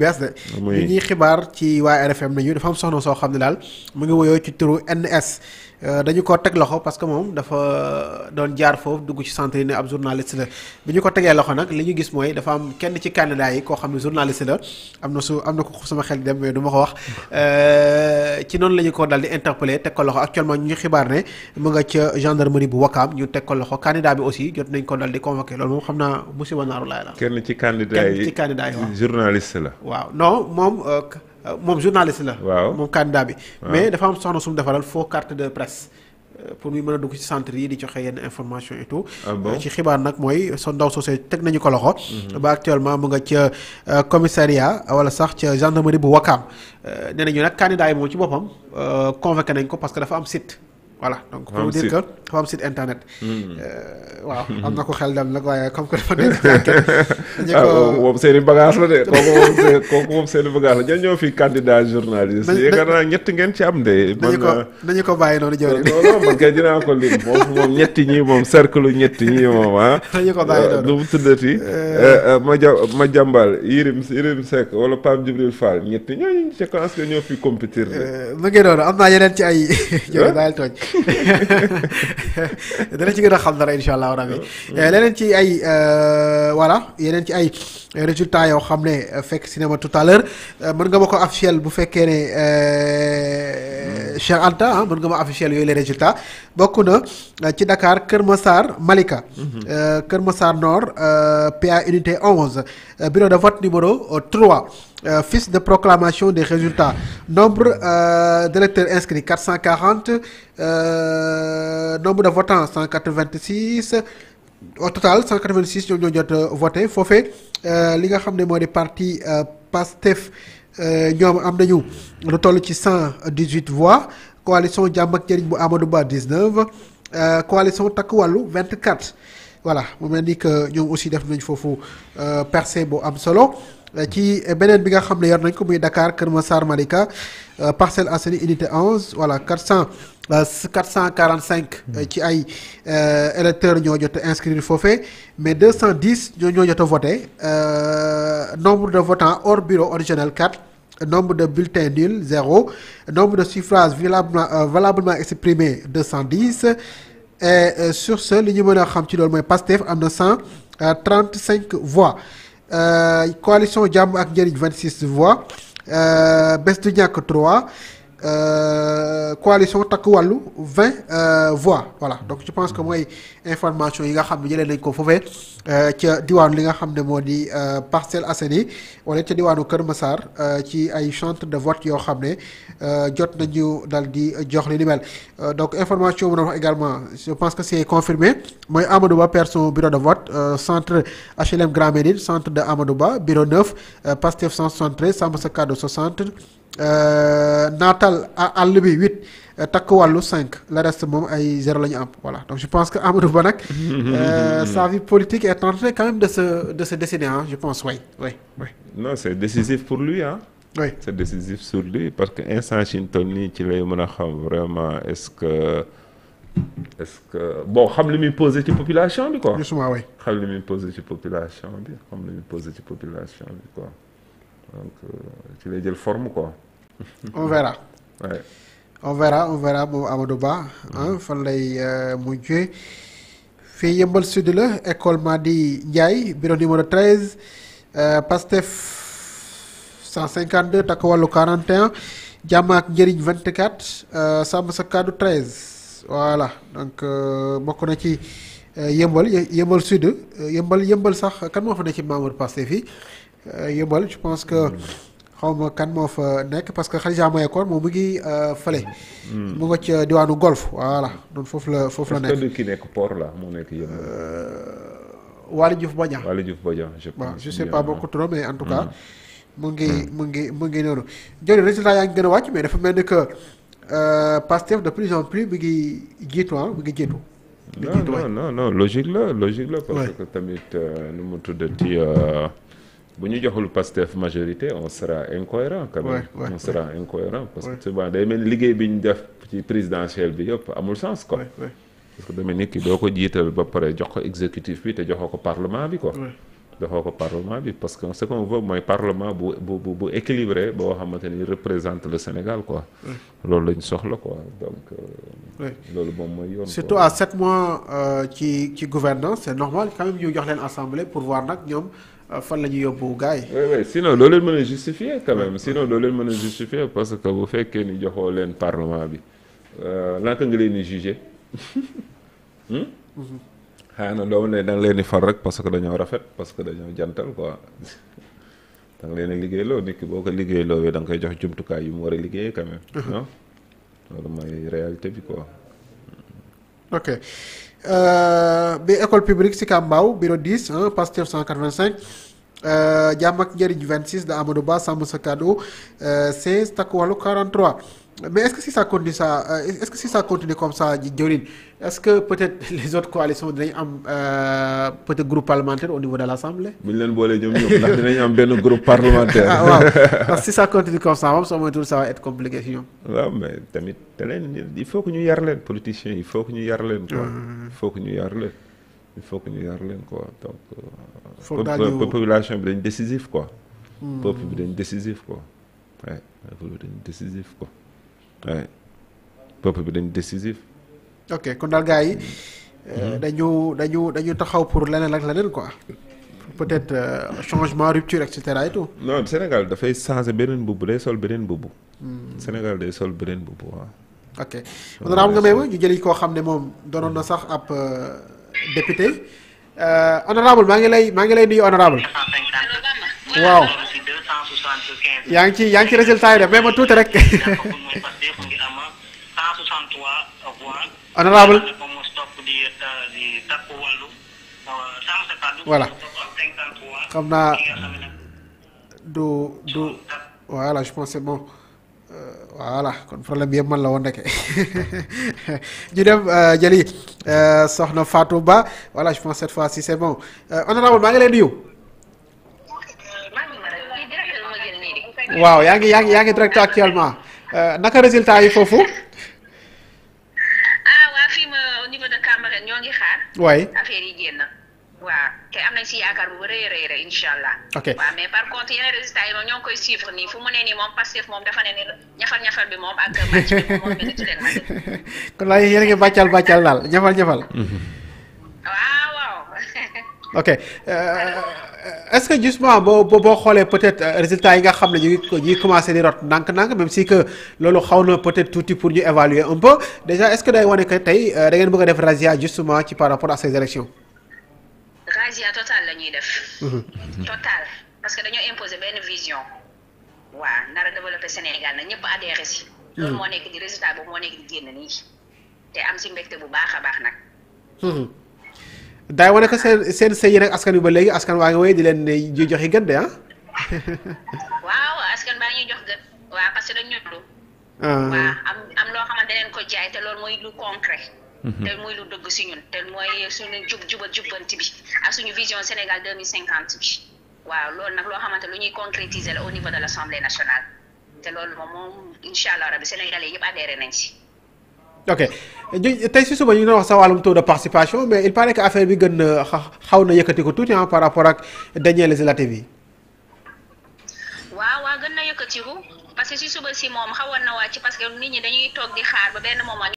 bees de li ñuy xibaar ci waa RFM nañu dafa am soxna soo xam ne daal mu ngi woyoo ci turu NS euh, dañu ko teg loxo parce que moom dafa doon jaar foofu dugg ci centre yi ne ab journaliste la bi ñu ko tegee loxo nag li ñu gis mooy dafa am kenn ci candidat yi koo xam ne journaliste la am na su am na ko ma ko wax euh, ci noonu la ñu ko daal di interpellé ñu xibaar ne mu nga ca gendarmerie bu Wakaam ñu teg ko loxo candidat bi aussi jot nañ ko daal di convoqué loolu moom xam naa musiba naaru laay la. kenn ci candidat yi kenn ci la. waaw non moom euh, euh, moom journaliste la. waaw moom candidat bi. mais dafa am soxna su defaral foo carte de presse. Euh, pour muy mën a dugg ci centre yi di joxe yenn information et tout. Ah ci xibaar nag mooy son ndaw soosee teg nañu ko loxo. Mhm. ba actuellement mu nga ca commissariat wala sax ca gendarmerie bu Wakaam. nee nañu nag candidat yi moom ci boppam convoqué nañ ko parce que dafa am site. voilà donc pour dire que. dafa am site internet. Hmm. Eh, waaw am na ko xel dal nag waaye comme que ah, oh, oh, moom seen i la de kooku moom kooku moom seen i la ñoo ñoo fi candidat journaliste. yaakaar naa ñetti ngeen ci am de. man ko nañu euh, ko bàyyi noonu jëwriñ. non non man kay dinaa ko lim moom ah. ko euh, noonu ma ja ma jàmbal Yirim Yirim Seck wala Pape Djibril Fall ñetti ñooñu je pense ñoo fi compétir de. Euh, mu ngi noonu am naa yeneen ci ay. jërëjëf daal tooñ. dana ci gën a xam dara incha allahu rabi eh, leneen ci ay euh, voilà yeneen ci ay résultats yoo xam ne euh, fekk cinéma tout à l'heure euh, mën nga ma ko officiel bu fekkee ne mm. Cheikh Anta ah, mën nga ma officiel yooyu les résultats bokk na ci Dakar Kër Massar Malika mm-hmm. Kër Massar Nord PA unité 11 bureau de vote numéro 3 Euh, fiche de proclamation des résultats nombre euh, d'électeurs inscrits 440 euh, nombre de votants 186 au total 186 ñoom ñoo jot euh, voté foofee euh, li nga xam ne moo di parti euh, PASTEF ñoom am nañu lu toll ci cent 118 voix coalition Jàmm ak Njariñ bu Amadou Ba 19 coalition takk Wàllu vingt 24 voilà mu mel ni que ñoom aussi def nañ foofu euh, percée bu am solo ci beneen bi nga xam ne yor nañ ko muy Dakar Kër Massar Malika euh, Parcelles Assainies unité 11 voilà 400 445 euh, ci ay électeurs ñoo jot a inscrire foofee mais 210 ñoo ñoo jot a voté nombre de votants or bureau originel 4 nombre de bulletin nuls 0 nombre de suffrages valablement valablement cent 210 et euh, sur ce li ñu mën a xam ci loolu mooy Pastef am na cent euh, trente cinq voix euh, coalition jàmm ak njëriñ vingt six voix bés du ñàkk trois Euh, coalition takk wàllu vingt euh, voix voilà donc je pense que mooy information yi nga xam ne jëlee nañ ko foofee euh, ca diwaanu li nga xam ne moo di Parcelles Assainies wala ca diwaanu Kër Massar ci ay chantre de vote yoo xam ne jot nañu dal di jox li ni mel donc information mën a wax également je pense que c'est confirmé mooy Amadou Ba perd son bureau de vote centre HLM Grand Médine centre de Amadou Ba bureau 9 Pastef 173 Sàmm Sa Kàddu 60 Euh, naatal àll bi huit euh, takk wàllu cinq le reste moom ay zéro la ñu am voilà donc je pense que Amadou Ba nag. Euh, sa vie politique est en quand même de se de se décider ah je pense oui oui non c' décisif pour lui ah. oui c' décisif sur lui parce que instant si ñu nii ci lay mën a xam vraiment est ce est bon xam li muy posé ci population bi quoi. justement oui. xam li muy posé ci population bi xam li muy posé ci population bi quoi. donc ci lay jël forme quoi. on verra. Ouais. on verra on verra Amadou Ba. Mm-hmm. fan mu euh, mujjee fii yëmbal sud la école di Ndiaye bureau numéro 13 euh, Pastef 152 takk wàllu 41 jàmm ak njëriñ 24 euh, sàmm sa kaddu 13 voilà donc bokk na ci yëmbal yëmbal sud yëmbal yëmbal sax kan moo fa ne ci membre Pastef yi Euh, yëmbal je pense que xaw ma kan moo fa nekk parce que Khadija Mahécor moom mu ngi euh, fële. Hmm. mu nga ca euh, diwaanu golf voilà donc foofu la foofu la nekk. est-ce la mu nekk yëmbal. Waly Diouf Bodian Waly Diouf Bodian je pense. je sais pas beaucoup trop mais en tout hmm. cas. mu ngi hmm. mu ngi mu ngi noonu. jërëjëf résultat yaa ngi a wàcc dafa mel de plus en plus mi ngi jiitu ah mi ngi jiitu. mi ngi jiitu la logique la. parce que tamit nu mu tuddati. bu ñu joxul Pastef majorité on sera incohérent quand même on sera incohérent parce que souvent day mel liggéey bi ñu def ci présidentielle bi yëpp amul sens quoi parce que dama ki doo ko jiital ba pare jox ko exécutif bi te joxoo ko parlement bi ko joxoo ko parlement bi parce que ce qu'on veut mooy parlement bu bu bu équilibré boo xamante ni représente le Sénégal quoi loolu lañ soxla ko euh, loolu moom mooy yoon surtout à sept mois euh, ci euh, ci gouvernance c'est normal quand même ñu jox leen assemblée pour voir nag ñoom Euh, fan la ñu yóbbu gars yi. oui oui sinon loo leen mën a justifier quand même sinon loo leen mën a justifier parce que bu fekkee ni joxoo leen parlement bi euh, naka nga leen di juger hmm? xanaa na doomu ne leen di fal rek parce que dañoo rafet parce que dañoo jantal quoi da leen di liggéeyloo nit ki boo ko liggéeyloowee da nga koy jox jumtukaay yu mu war a liggéeyee quand même non loolu mooy réalité bi quoi. ok bi euh, école publique Sicap Mbao bureau 10 Pastef 185 Euh, jàmm ak njëriñ 26 de Amadou Ba sàmm sa kàddu 16 euh, takku wàllu 43 mais est-ce que si sa continue sa euh, est-ce ça continue comme ça jëwriñ est-ce que peut-être les autres coalitions dinañ am peut-être groupe parlementaire au niveau de l'Assemblée. bu ñu leen boolee ñoom ñoom ndax dinañ am benn groupe parlementaire. Ah, waaw si ça continue comme ça moom soo moytuwul ça va être compliqué mais tamit te leen il faut que ñu yar leen politiciens il faut que ñu yar leen. quoi mmh. il faut que ñu yar leen. il faut que ñu yar leen quoi donc. Euh, foog population bi dañ décisif ko hmm. peuple bi dañ décisif quoi. waaye peuple bi dañ décisif quoi waaye peuple bi dañ décisif. ok kon daal gars yi. Euh, hmm. dañu dañu dañu taxaw pour leneen ak leneen quoi. peut-être euh, changement rupture et cetera et tout. Sénégal dafay changer beneen buubu day sol beneen buubu. Hmm. Sénégal day sol beneen buubu waaw. ok honorable Ngombé ñu jëli koo xam ne moom doonoon na sax ab. député euh, honorable maa ngi lay maa ngi lay nuyu honorable waaw yaa ngi ci yaa ngi ci résultat yi de mais ma tuuti rek honorable voilà xam na du du voilà je pense bon Euh, voilà kon problème bi yëpp man la woon ndeke ñu dem euh, jëli euh, soxna Fatou Ba walla je pense cette fois ci c'est bon honorable maa ngi leen di nuyu. waaw yaa ngi yaa ngi yaa ngi direct actuellement naka résultat yi foofu. ah te am yaakaar bu rëy allah. ok waaw mais par contre kon daal yéen a ngi bàccal bàccal daal ñafal ñafal. waaw waaw. ok euh, est-ce que justement boo boo xoolee peut-être euh, résultats yi nga xam ne ñu ngi commencé di rot ndànk-ndànk même si que loolu xaw na peut-être tuuti pour ñu évaluer un déjà est-ce que day wane que tey euh, da ngeen bëgg a def razzia justement ci par rapport à ces élections. razzia total la ñuy def mhm. total parce dañoo imposer benn vision waa nar a développé Sénégal na ñëpp adhéré si mhm. loolu moo nekk di résultat boobu moo nekk di génn nii te am si mbégte bu baax a baax nag mhm. daay wane ko seen seen sëy ak askan wi ba léegi askan waa ngi woy di leen di joxe gën de ah waaw askan baa ñuy jox gën waaw parce que dañ ñutlu ah. waaw am am loo xamante leen ko jaay te loolu mooy lu concret Mhm. tel mooy lu dëgg si ñun tel mooy suñu jub juba bi ak suñu vision Sénégal deux mille cinquante bi waaw loolu nag loo xamante lu ñuy concrétiser la au de l' assemblée nationale te loolu moom moom incha allah rabi sénégalais yëpp adhéré nañ si. ok tey si suba ñu doon wax sa wàllum taux de participation mais il paraît que affaire bi gën na xaw na yëkkati ko tuuti par rapport ak dernière législative yi. waaw waaw gën na yëkkatiku parce que si suba si moom xawoon